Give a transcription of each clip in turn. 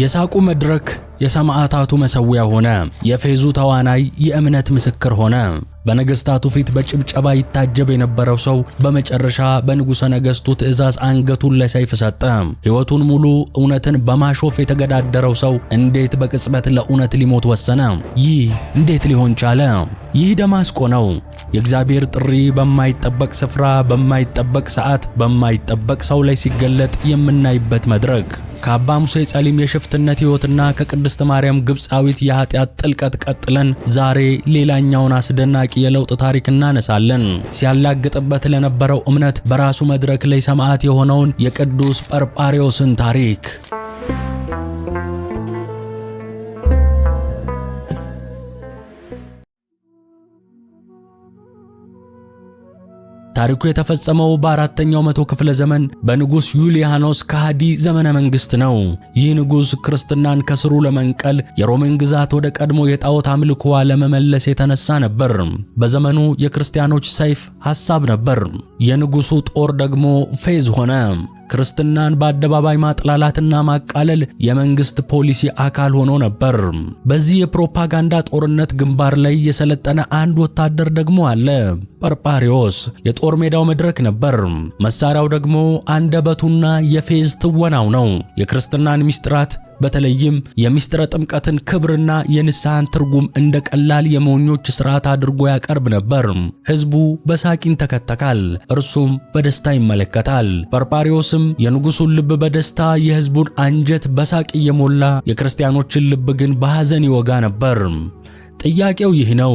የሳቁ መድረክ የሰማዕታቱ መሠዊያ ሆነ። የፌዙ ተዋናይ የእምነት ምስክር ሆነ። በነገሥታቱ ፊት በጭብጨባ ይታጀብ የነበረው ሰው በመጨረሻ በንጉሠ ነገሥቱ ትእዛዝ አንገቱን ለሰይፍ ሰጠ። ሕይወቱን ሙሉ እውነትን በማሾፍ የተገዳደረው ሰው እንዴት በቅጽበት ለእውነት ሊሞት ወሰነ? ይህ እንዴት ሊሆን ቻለ? ይህ ደማስቆ ነው። የእግዚአብሔር ጥሪ በማይጠበቅ ስፍራ፣ በማይጠበቅ ሰዓት፣ በማይጠበቅ ሰው ላይ ሲገለጥ የምናይበት መድረክ። ከአባ ሙሴ ጸሊም የሽፍትነት ሕይወትና ከቅድስት ማርያም ግብፃዊት የኃጢአት ጥልቀት ቀጥለን ዛሬ ሌላኛውን አስደናቂ የለውጥ ታሪክ እናነሳለን። ሲያላግጥበት ለነበረው እምነት በራሱ መድረክ ላይ ሰማዕት የሆነውን የቅዱስ ጰርጳሬዎስን ታሪክ ታሪኩ የተፈጸመው በአራተኛው መቶ ክፍለ ዘመን በንጉሥ ዩሊያኖስ ከሃዲ ዘመነ መንግሥት ነው። ይህ ንጉሥ ክርስትናን ከስሩ ለመንቀል የሮምን ግዛት ወደ ቀድሞ የጣዖት አምልኮዋ ለመመለስ የተነሳ ነበር። በዘመኑ የክርስቲያኖች ሰይፍ ሐሳብ ነበር፣ የንጉሡ ጦር ደግሞ ፌዝ ሆነ። ክርስትናን በአደባባይ ማጥላላትና ማቃለል የመንግስት ፖሊሲ አካል ሆኖ ነበር። በዚህ የፕሮፓጋንዳ ጦርነት ግንባር ላይ የሰለጠነ አንድ ወታደር ደግሞ አለ። ጰርጳሪዎስ የጦር ሜዳው መድረክ ነበር። መሳሪያው ደግሞ አንደበቱና የፌዝ ትወናው ነው። የክርስትናን ሚስጥራት በተለይም የሚስጥረ ጥምቀትን ክብርና የንስሐን ትርጉም እንደ ቀላል የመኞች ስርዓት አድርጎ ያቀርብ ነበር። ሕዝቡ በሳቂን ተከተካል፣ እርሱም በደስታ ይመለከታል። ጰርጳሪዎስም የንጉሡን ልብ በደስታ የሕዝቡን አንጀት በሳቅ እየሞላ የክርስቲያኖችን ልብ ግን በሐዘን ይወጋ ነበር። ጥያቄው ይህ ነው።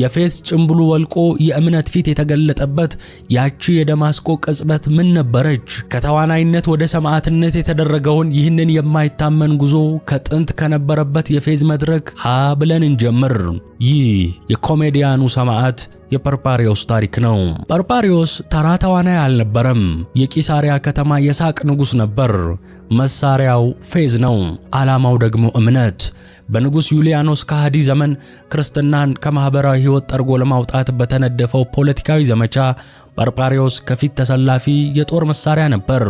የፌዝ ጭምብሉ ወልቆ የእምነት ፊት የተገለጠበት ያቺ የደማስቆ ቅጽበት ምን ነበረች? ከተዋናይነት ወደ ሰማዕትነት የተደረገውን ይህንን የማይታመን ጉዞ ከጥንት ከነበረበት የፌዝ መድረክ ሀ ብለን እንጀምር። ይህ የኮሜዲያኑ ሰማዕት የፐርፓሪዎስ ታሪክ ነው። ፐርፓሪዎስ ተራ ተዋናይ አልነበረም። የቂሳሪያ ከተማ የሳቅ ንጉሥ ነበር። መሳሪያው ፌዝ ነው፣ ዓላማው ደግሞ እምነት። በንጉሥ ዩልያኖስ ከሃዲ ዘመን ክርስትናን ከማኅበራዊ ሕይወት ጠርጎ ለማውጣት በተነደፈው ፖለቲካዊ ዘመቻ ጳርጳሪዎስ ከፊት ተሰላፊ የጦር መሳሪያ ነበር።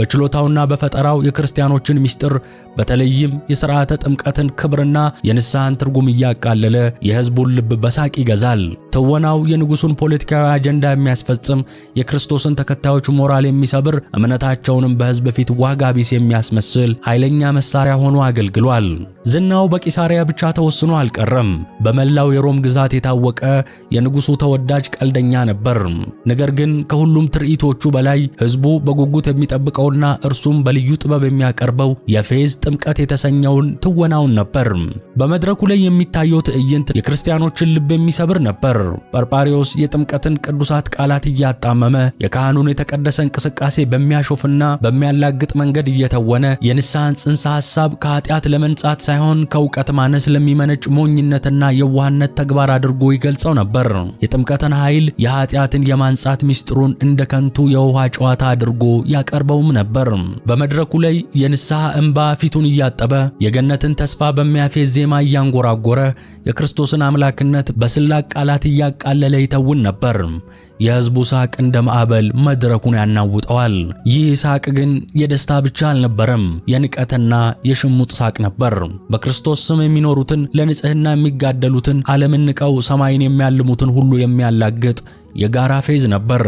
በችሎታውና በፈጠራው የክርስቲያኖችን ምስጢር በተለይም የሥርዓተ ጥምቀትን ክብርና የንስሐን ትርጉም እያቃለለ የሕዝቡን ልብ በሳቅ ይገዛል። ትወናው የንጉሱን ፖለቲካዊ አጀንዳ የሚያስፈጽም፣ የክርስቶስን ተከታዮች ሞራል የሚሰብር፣ እምነታቸውንም በሕዝብ ፊት ዋጋ ቢስ የሚያስመስል ኃይለኛ መሳሪያ ሆኖ አገልግሏል። ዝናው በቂሳሪያ ብቻ ተወስኖ አልቀረም። በመላው የሮም ግዛት የታወቀ የንጉሱ ተወዳጅ ቀልደኛ ነበር። ነገር ግን ከሁሉም ትርኢቶቹ በላይ ሕዝቡ በጉጉት የሚጠብቀውና እርሱም በልዩ ጥበብ የሚያቀርበው የፌዝ ጥምቀት የተሰኘውን ትወናውን ነበር። በመድረኩ ላይ የሚታየው ትዕይንት የክርስቲያኖችን ልብ የሚሰብር ነበር። ጳርጳሪዎስ የጥምቀትን ቅዱሳት ቃላት እያጣመመ የካህኑን የተቀደሰ እንቅስቃሴ በሚያሾፍና በሚያላግጥ መንገድ እየተወነ የንስሐን ጽንሰ ሐሳብ ከኃጢአት ለመንጻት ሳይሆን ከእውቀት ማነስ ለሚመነጭ ሞኝነትና የዋህነት ተግባር አድርጎ ይገልጸው ነበር። የጥምቀትን ኃይል የኃጢአትን የማንጻት ምስጢሩን እንደ ከንቱ የውሃ ጨዋታ አድርጎ ያቀርበውም ነበር። በመድረኩ ላይ የንስሐ እንባ ፊቱን እያጠበ የገነትን ተስፋ በሚያፌዝ ዜማ እያንጎራጎረ የክርስቶስን አምላክነት በስላቅ ቃላት እያቃለለ ይተውን ነበር። የሕዝቡ ሳቅ እንደ ማዕበል መድረኩን ያናውጠዋል። ይህ ሳቅ ግን የደስታ ብቻ አልነበረም፣ የንቀትና የሽሙጥ ሳቅ ነበር። በክርስቶስ ስም የሚኖሩትን፣ ለንጽሕና የሚጋደሉትን፣ ዓለምን ንቀው ሰማይን የሚያልሙትን ሁሉ የሚያላግጥ የጋራ ፌዝ ነበር።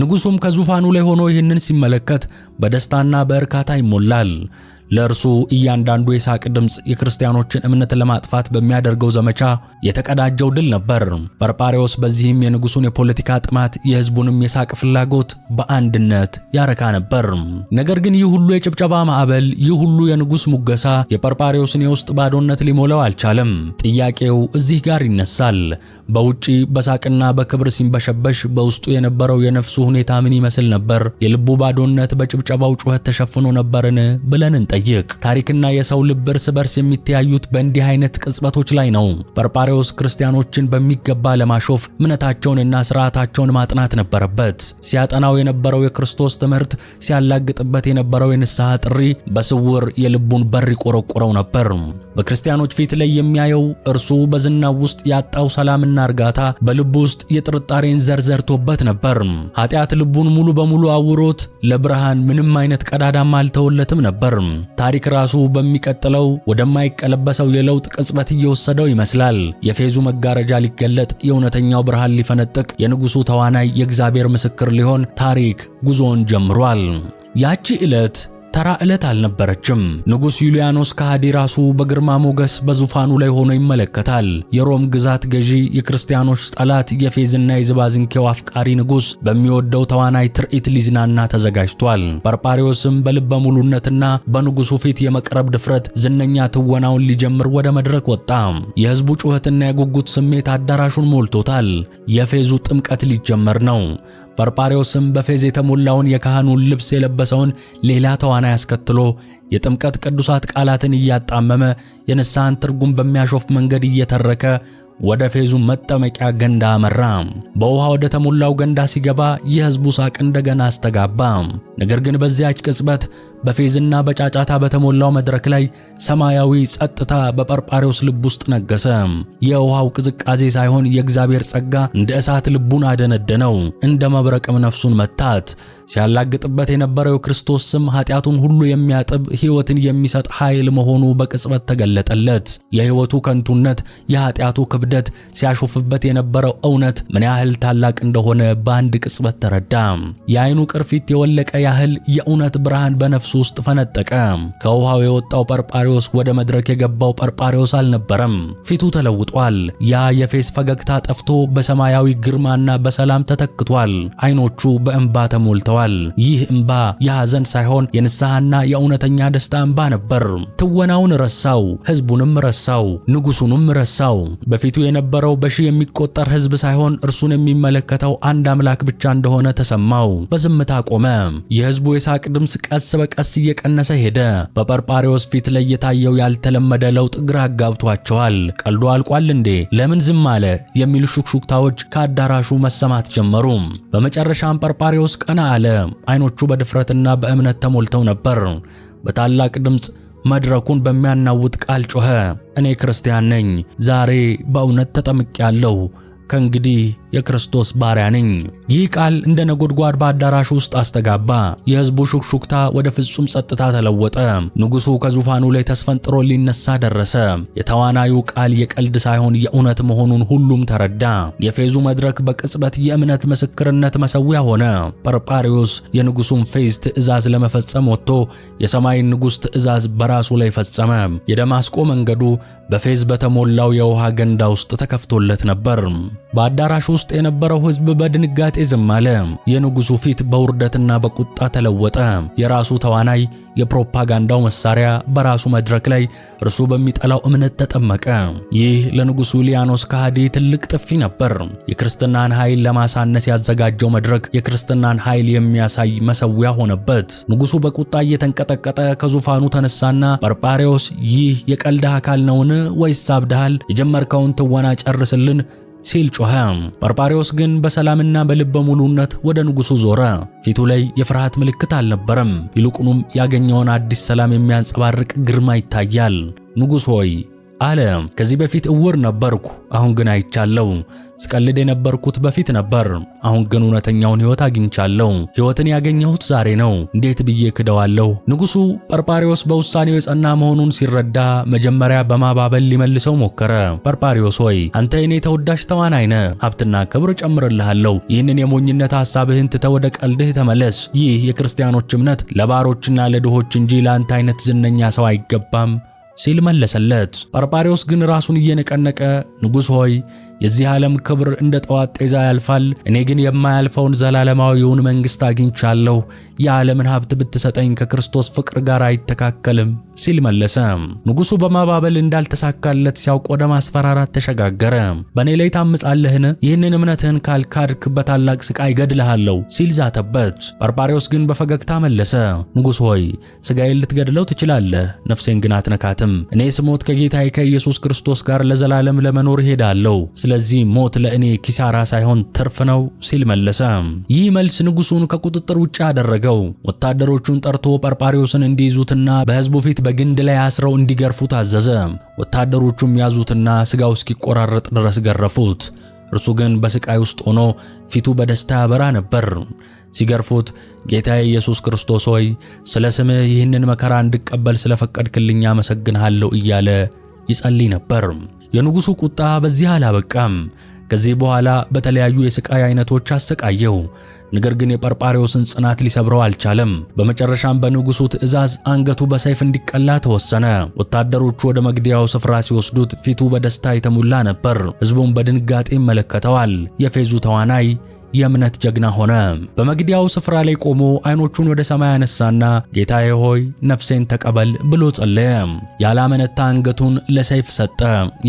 ንጉሡም ከዙፋኑ ላይ ሆኖ ይህንን ሲመለከት በደስታና በእርካታ ይሞላል። ለእርሱ እያንዳንዱ የሳቅ ድምፅ የክርስቲያኖችን እምነት ለማጥፋት በሚያደርገው ዘመቻ የተቀዳጀው ድል ነበር። በርጳሬዎስ በዚህም የንጉሱን የፖለቲካ ጥማት፣ የህዝቡንም የሳቅ ፍላጎት በአንድነት ያረካ ነበር። ነገር ግን ይህ ሁሉ የጭብጨባ ማዕበል፣ ይህ ሁሉ የንጉሥ ሙገሳ የበርጳሬዎስን የውስጥ ባዶነት ሊሞላው አልቻለም። ጥያቄው እዚህ ጋር ይነሳል። በውጪ በሳቅና በክብር ሲንበሸበሽ በውስጡ የነበረው የነፍሱ ሁኔታ ምን ይመስል ነበር? የልቡ ባዶነት በጭብጨባው ጩኸት ተሸፍኖ ነበርን? ብለን እንጠይቅ። ታሪክና የሰው ልብ እርስ በርስ የሚተያዩት በእንዲህ አይነት ቅጽበቶች ላይ ነው። በርጳሬዎስ ክርስቲያኖችን በሚገባ ለማሾፍ እምነታቸውንና ስርዓታቸውን ማጥናት ነበረበት። ሲያጠናው የነበረው የክርስቶስ ትምህርት፣ ሲያላግጥበት የነበረው የንስሐ ጥሪ በስውር የልቡን በር ይቆረቆረው ነበር። በክርስቲያኖች ፊት ላይ የሚያየው እርሱ በዝናው ውስጥ ያጣው ሰላምና ሰላምና እርጋታ በልቡ ውስጥ የጥርጣሬን ዘር ዘርቶበት ነበር። ኃጢአት ልቡን ሙሉ በሙሉ አውሮት ለብርሃን ምንም አይነት ቀዳዳም አልተወለትም ነበር። ታሪክ ራሱ በሚቀጥለው ወደማይቀለበሰው የለውጥ ቅጽበት እየወሰደው ይመስላል። የፌዙ መጋረጃ ሊገለጥ፣ የእውነተኛው ብርሃን ሊፈነጥቅ፣ የንጉሱ ተዋናይ የእግዚአብሔር ምስክር ሊሆን ታሪክ ጉዞውን ጀምሯል። ያቺ ዕለት ተራ ዕለት አልነበረችም። ንጉሥ ዩልያኖስ ከሃዲ ራሱ በግርማ ሞገስ በዙፋኑ ላይ ሆኖ ይመለከታል። የሮም ግዛት ገዢ፣ የክርስቲያኖች ጠላት፣ የፌዝና የዝባዝንኬው አፍቃሪ ንጉሥ በሚወደው ተዋናይ ትርኢት ሊዝናና ተዘጋጅቷል። በርጳሪዎስም በልበ ሙሉነትና በንጉሡ ፊት የመቅረብ ድፍረት ዝነኛ ትወናውን ሊጀምር ወደ መድረክ ወጣ። የሕዝቡ ጩኸትና የጉጉት ስሜት አዳራሹን ሞልቶታል። የፌዙ ጥምቀት ሊጀመር ነው። በርባሪዎስም በፌዝ የተሞላውን የካህኑን ልብስ የለበሰውን ሌላ ተዋናይ አስከትሎ የጥምቀት ቅዱሳት ቃላትን እያጣመመ የንስሐን ትርጉም በሚያሾፍ መንገድ እየተረከ ወደ ፌዙ መጠመቂያ ገንዳ አመራ። በውሃ ወደ ተሞላው ገንዳ ሲገባ የሕዝቡ ሳቅ እንደገና አስተጋባ። ነገር ግን በዚያች ቅጽበት በፌዝና በጫጫታ በተሞላው መድረክ ላይ ሰማያዊ ጸጥታ በጰርጳሬዎስ ልብ ውስጥ ነገሰ። የውሃው ቅዝቃዜ ሳይሆን የእግዚአብሔር ጸጋ እንደ እሳት ልቡን አደነደነው፣ እንደ መብረቅም ነፍሱን መታት። ሲያላግጥበት የነበረው ክርስቶስ ስም ኃጢአቱን ሁሉ የሚያጥብ ሕይወትን የሚሰጥ ኃይል መሆኑ በቅጽበት ተገለጠለት። የሕይወቱ ከንቱነት፣ የኃጢአቱ ክብደት፣ ሲያሾፍበት የነበረው እውነት ምን ያህል ታላቅ እንደሆነ በአንድ ቅጽበት ተረዳ። የዓይኑ ቅርፊት የወለቀ ያህል የእውነት ብርሃን በነፍሱ ውስጥ ፈነጠቀ። ከውሃው የወጣው ጰርጳሪዎስ ወደ መድረክ የገባው ጰርጳሪዎስ አልነበረም። ፊቱ ተለውጧል። ያ የፌስ ፈገግታ ጠፍቶ በሰማያዊ ግርማና በሰላም ተተክቷል። አይኖቹ በእንባ ተሞልተዋል። ይህ እንባ የሐዘን ሳይሆን የንስሐና የእውነተኛ ደስታ እንባ ነበር። ትወናውን ረሳው፣ ህዝቡንም ረሳው፣ ንጉሱንም ረሳው። በፊቱ የነበረው በሺ የሚቆጠር ህዝብ ሳይሆን እርሱን የሚመለከተው አንድ አምላክ ብቻ እንደሆነ ተሰማው። በዝምታ ቆመ። የህዝቡ የሳቅ ድምፅ ቀስ በቀስ ቀስ እየቀነሰ ሄደ። በጰርጳሬዎስ ፊት ላይ የታየው ያልተለመደ ለውጥ ግራ አጋብቷቸዋል። ቀልዶ አልቋል እንዴ? ለምን ዝም አለ? የሚሉ ሹክሹክታዎች ከአዳራሹ መሰማት ጀመሩ። በመጨረሻም ጰርጳሬዎስ ቀና አለ። አይኖቹ በድፍረትና በእምነት ተሞልተው ነበር። በታላቅ ድምፅ መድረኩን በሚያናውጥ ቃል ጮኸ፣ እኔ ክርስቲያን ነኝ። ዛሬ በእውነት ተጠምቄያለሁ። ከእንግዲህ የክርስቶስ ባሪያ ነኝ። ይህ ቃል እንደ ነጎድጓድ በአዳራሽ ውስጥ አስተጋባ። የሕዝቡ ሹክሹክታ ወደ ፍጹም ጸጥታ ተለወጠ። ንጉሡ ከዙፋኑ ላይ ተስፈንጥሮ ሊነሳ ደረሰ። የተዋናዩ ቃል የቀልድ ሳይሆን የእውነት መሆኑን ሁሉም ተረዳ። የፌዙ መድረክ በቅጽበት የእምነት ምስክርነት መሠዊያ ሆነ። ጳርጳሪዎስ የንጉሡን ፌዝ ትእዛዝ ለመፈጸም ወጥቶ የሰማይን ንጉሥ ትእዛዝ በራሱ ላይ ፈጸመ። የደማስቆ መንገዱ በፌዝ በተሞላው የውሃ ገንዳ ውስጥ ተከፍቶለት ነበር። በአዳራሽ ውስጥ የነበረው ሕዝብ በድንጋጤ ዝም አለ። የንጉሡ ፊት በውርደትና በቁጣ ተለወጠ። የራሱ ተዋናይ፣ የፕሮፓጋንዳው መሳሪያ በራሱ መድረክ ላይ እርሱ በሚጠላው እምነት ተጠመቀ። ይህ ለንጉሡ ሊያኖስ ከሃዲ ትልቅ ጥፊ ነበር። የክርስትናን ኃይል ለማሳነስ ያዘጋጀው መድረክ የክርስትናን ኃይል የሚያሳይ መሰዊያ ሆነበት። ንጉሡ በቁጣ እየተንቀጠቀጠ ከዙፋኑ ተነሳና በርጳሬዎስ፣ ይህ የቀልዳ አካል ነውን? ወይስ አብዳሃል የጀመርከውን ትወና ጨርስልን ሲል ጮኸ። ጰርጳሪዎስ ግን በሰላምና በልበ ሙሉነት ወደ ንጉሡ ዞረ። ፊቱ ላይ የፍርሃት ምልክት አልነበረም። ይልቁንም ያገኘውን አዲስ ሰላም የሚያንጸባርቅ ግርማ ይታያል። ንጉሥ ሆይ አለ። ከዚህ በፊት እውር ነበርኩ፣ አሁን ግን አይቻለሁ። ስቀልድ የነበርኩት በፊት ነበር፣ አሁን ግን እውነተኛውን ሕይወት አግኝቻለሁ። ሕይወትን ያገኘሁት ዛሬ ነው፣ እንዴት ብዬ ክደዋለሁ? ንጉሡ ጰርጳሪዎስ በውሳኔው የጸና መሆኑን ሲረዳ መጀመሪያ በማባበል ሊመልሰው ሞከረ። ጰርጳሪዎስ ሆይ አንተ የኔ ተወዳጅ ተዋናይ ነህ፣ ሀብትና ክብር ጨምርልሃለሁ። ይህንን የሞኝነት ሐሳብህን ትተህ ወደ ቀልድህ ተመለስ። ይህ የክርስቲያኖች እምነት ለባሮችና ለድሆች እንጂ ለአንተ አይነት ዝነኛ ሰው አይገባም ሲል መለሰለት። ጳርጳሪዎስ ግን ራሱን እየነቀነቀ ንጉሥ ሆይ የዚህ ዓለም ክብር እንደ ጠዋት ጤዛ ያልፋል፣ እኔ ግን የማያልፈውን ዘላለማዊውን መንግሥት አግኝቻለሁ የዓለምን ሀብት ብትሰጠኝ ከክርስቶስ ፍቅር ጋር አይተካከልም ሲል መለሰ። ንጉሡ በማባበል እንዳልተሳካለት ሲያውቅ ወደ ማስፈራራት ተሸጋገረ። በእኔ ላይ ታምጻለህን? ይህንን እምነትህን ካልካድክ በታላቅ ስቃይ ገድልሃለሁ ሲል ዛተበት። በርባሬዎስ ግን በፈገግታ መለሰ። ንጉሥ ሆይ ስጋዬን ልትገድለው ትችላለህ፣ ነፍሴን ግን አትነካትም። እኔ ስሞት ከጌታዬ ከኢየሱስ ክርስቶስ ጋር ለዘላለም ለመኖር እሄዳለሁ። ስለዚህ ሞት ለእኔ ኪሳራ ሳይሆን ትርፍ ነው ሲል መለሰ። ይህ መልስ ንጉሡን ከቁጥጥር ውጭ አደረገ። አደረገው። ወታደሮቹን ጠርቶ ጳርጳሪዎስን እንዲይዙትና በሕዝቡ ፊት በግንድ ላይ አስረው እንዲገርፉ ታዘዘ። ወታደሮቹም ያዙትና ሥጋው እስኪቆራረጥ ድረስ ገረፉት። እርሱ ግን በስቃይ ውስጥ ሆኖ ፊቱ በደስታ ያበራ ነበር። ሲገርፉት ጌታ ኢየሱስ ክርስቶስ ሆይ ስለ ስምህ ይህንን መከራ እንድቀበል ስለፈቀድክልኝ አመሰግንሃለሁ እያለ ይጸልይ ነበር። የንጉሡ ቁጣ በዚህ አላበቃም። ከዚህ በኋላ በተለያዩ የስቃይ አይነቶች አሰቃየው። ነገር ግን የጰርጳሬዎስን ጽናት ሊሰብረው አልቻለም። በመጨረሻም በንጉሱ ትእዛዝ አንገቱ በሰይፍ እንዲቀላ ተወሰነ። ወታደሮቹ ወደ መግደያው ስፍራ ሲወስዱት ፊቱ በደስታ የተሞላ ነበር። ሕዝቡም በድንጋጤ ይመለከተዋል። የፌዙ ተዋናይ የእምነት ጀግና ሆነ። በመግዲያው ስፍራ ላይ ቆሞ አይኖቹን ወደ ሰማይ አነሳና ጌታዬ ሆይ ነፍሴን ተቀበል ብሎ ጸለየ። ያላመነታ አንገቱን ለሰይፍ ሰጠ።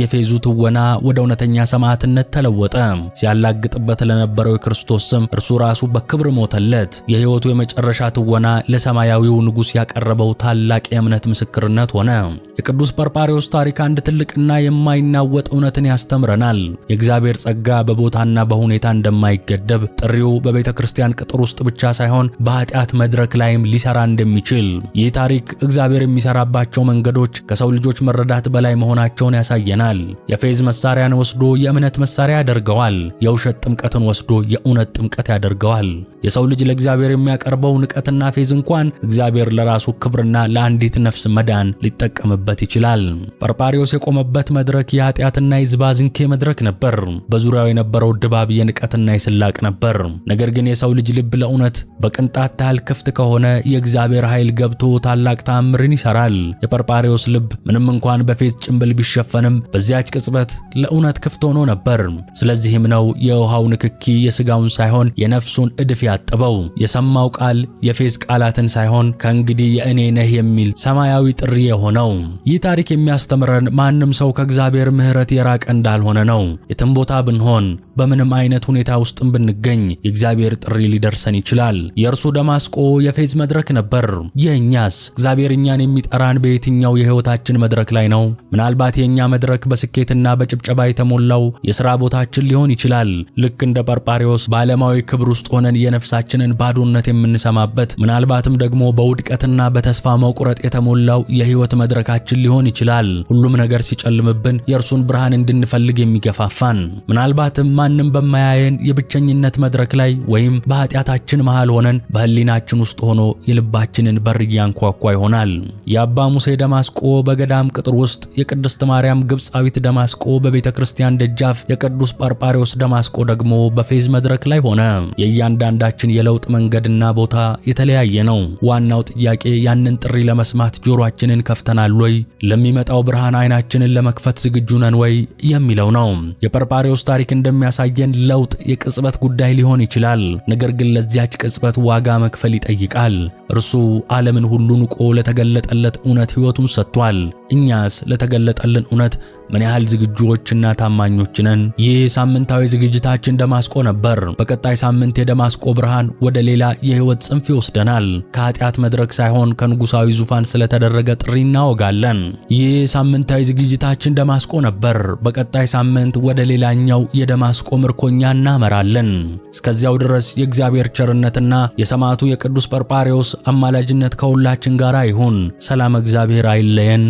የፌዙ ትወና ወደ እውነተኛ ሰማዕትነት ተለወጠ። ሲያላግጥበት ለነበረው የክርስቶስ ስም እርሱ ራሱ በክብር ሞተለት። የሕይወቱ የመጨረሻ ትወና ለሰማያዊው ንጉሥ ያቀረበው ታላቅ የእምነት ምስክርነት ሆነ። የቅዱስ ጰርጳርዮስ ታሪክ አንድ ትልቅና የማይናወጥ እውነትን ያስተምረናል። የእግዚአብሔር ጸጋ በቦታና በሁኔታ እንደማይገደብ ገንዘብ ጥሪው በቤተ ክርስቲያን ቅጥር ውስጥ ብቻ ሳይሆን በኃጢአት መድረክ ላይም ሊሰራ እንደሚችል ይህ ታሪክ እግዚአብሔር የሚሰራባቸው መንገዶች ከሰው ልጆች መረዳት በላይ መሆናቸውን ያሳየናል። የፌዝ መሳሪያን ወስዶ የእምነት መሳሪያ ያደርገዋል። የውሸት ጥምቀትን ወስዶ የእውነት ጥምቀት ያደርገዋል። የሰው ልጅ ለእግዚአብሔር የሚያቀርበው ንቀትና ፌዝ እንኳን እግዚአብሔር ለራሱ ክብርና ለአንዲት ነፍስ መዳን ሊጠቀምበት ይችላል። ጳርጳሪዎስ የቆመበት መድረክ የኃጢአትና የዝባዝንኬ መድረክ ነበር። በዙሪያው የነበረው ድባብ የንቀትና የስላቅ ይጠበቅ ነበር። ነገር ግን የሰው ልጅ ልብ ለእውነት በቅንጣት ታህል ክፍት ከሆነ የእግዚአብሔር ኃይል ገብቶ ታላቅ ተአምርን ይሰራል። የጰርጳሬዎስ ልብ ምንም እንኳን በፌዝ ጭንብል ቢሸፈንም በዚያች ቅጽበት ለእውነት ክፍት ሆኖ ነበር። ስለዚህም ነው የውሃው ንክኪ የሥጋውን ሳይሆን የነፍሱን እድፍ ያጥበው። የሰማው ቃል የፌዝ ቃላትን ሳይሆን ከእንግዲህ የእኔ ነህ የሚል ሰማያዊ ጥሪ የሆነው። ይህ ታሪክ የሚያስተምረን ማንም ሰው ከእግዚአብሔር ምሕረት የራቀ እንዳልሆነ ነው። የትም ቦታ ብንሆን በምንም አይነት ሁኔታ ውስጥም ብንገኝ የእግዚአብሔር ጥሪ ሊደርሰን ይችላል። የእርሱ ደማስቆ የፌዝ መድረክ ነበር። የእኛስ? እግዚአብሔር እኛን የሚጠራን በየትኛው የህይወታችን መድረክ ላይ ነው? ምናልባት የእኛ መድረክ በስኬትና በጭብጨባ የተሞላው የሥራ ቦታችን ሊሆን ይችላል። ልክ እንደ ጳርጳሪዎስ በዓለማዊ ክብር ውስጥ ሆነን የነፍሳችንን ባዶነት የምንሰማበት፣ ምናልባትም ደግሞ በውድቀትና በተስፋ መቁረጥ የተሞላው የህይወት መድረካችን ሊሆን ይችላል። ሁሉም ነገር ሲጨልምብን የእርሱን ብርሃን እንድንፈልግ የሚገፋፋን ምናልባትም ማንም በማያየን የብቸኝነት መድረክ ላይ ወይም በኃጢአታችን መሃል ሆነን በህሊናችን ውስጥ ሆኖ የልባችንን በር እያንኳኳ ይሆናል። የአባ ሙሴ ደማስቆ በገዳም ቅጥር ውስጥ፣ የቅድስት ማርያም ግብፃዊት ደማስቆ በቤተ ክርስቲያን ደጃፍ፣ የቅዱስ ጳርጳሪዎስ ደማስቆ ደግሞ በፌዝ መድረክ ላይ ሆነ። የእያንዳንዳችን የለውጥ መንገድና ቦታ የተለያየ ነው። ዋናው ጥያቄ ያንን ጥሪ ለመስማት ጆሮአችንን ከፍተናል ወይ፣ ለሚመጣው ብርሃን አይናችንን ለመክፈት ዝግጁ ነን ወይ የሚለው ነው። የጳርጳሪዎስ ታሪክ እንደሚያ ያሳየን ለውጥ የቅጽበት ጉዳይ ሊሆን ይችላል። ነገር ግን ለዚያች ቅጽበት ዋጋ መክፈል ይጠይቃል። እርሱ ዓለምን ሁሉ ንቆ ለተገለጠለት እውነት ሕይወቱን ሰጥቷል። እኛስ ለተገለጠልን እውነት ምን ያህል ዝግጁዎችና ታማኞች ነን? ይህ ሳምንታዊ ዝግጅታችን ደማስቆ ነበር። በቀጣይ ሳምንት የደማስቆ ብርሃን ወደ ሌላ የህይወት ጽንፍ ይወስደናል። ከኃጢአት መድረክ ሳይሆን ከንጉሳዊ ዙፋን ስለተደረገ ጥሪ እናወጋለን። ይህ ሳምንታዊ ዝግጅታችን ደማስቆ ነበር። በቀጣይ ሳምንት ወደ ሌላኛው የደማስቆ ምርኮኛ እናመራለን። እስከዚያው ድረስ የእግዚአብሔር ቸርነትና የሰማዕቱ የቅዱስ ጰርጳሬዎስ አማላጅነት ከሁላችን ጋር ይሁን። ሰላም እግዚአብሔር አይለየን።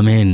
አሜን።